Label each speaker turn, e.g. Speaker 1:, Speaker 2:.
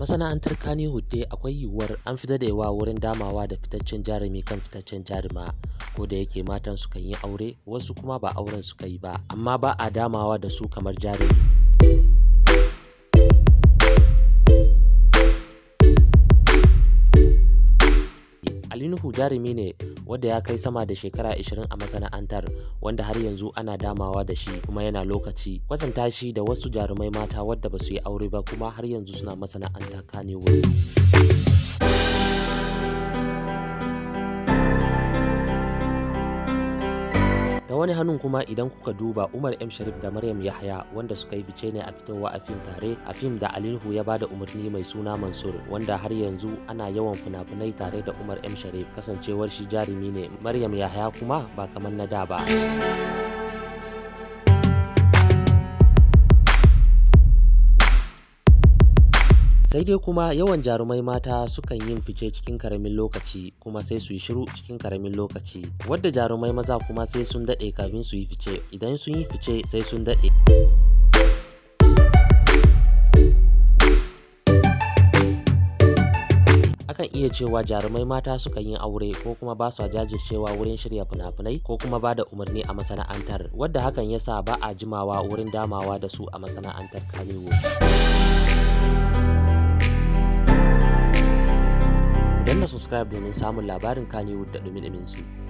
Speaker 1: masana'antar Kani hudde akwai yiwuwar an fi yawa wurin damawa da fitaccen jarumi kan fitaccen jaruma ko da yake matan sukan yi aure wasu kuma ba auren sukayi kai ba amma ba a damawa da su kamar jarumi. Alinuhu jarumi ne wanda ya kai sama da shekara 20 a masana'antar wanda har yanzu ana damawa da shi kuma yana lokaci. Kwatanta shi da wasu jarumai mata wadda ba su yi aure ba kuma har yanzu suna masana'anta Kannywood. wani hannun kuma idan kuka duba umar m sharif da maryam Yahaya wanda suka yi fice ne a fitowa a fim tare a fim da alinuhu ya bada umarni mai suna mansur wanda har yanzu ana yawan fina-finai tare da umar m sharif kasancewar shi jarumi ne maryam Yahaya kuma ba kamar na da ba sai dai kuma yawan jarumai mata sukan yin fice cikin karamin lokaci kuma sai su yi shiru cikin karamin lokaci wadda jarumai maza kuma sai sun daɗe kafin su yi fice idan sun yi fice sai sun daɗe akan iya cewa jarumai mata sukan yi aure ko kuma ba su jajircewa wurin shirya fina-finai ko kuma ba da umarni a masana'antar wadda hakan ya sa ba a jimawa wurin damawa da su a masana'antar kalewo. na subscribe domin samun labarin Kannywood da ɗumi su.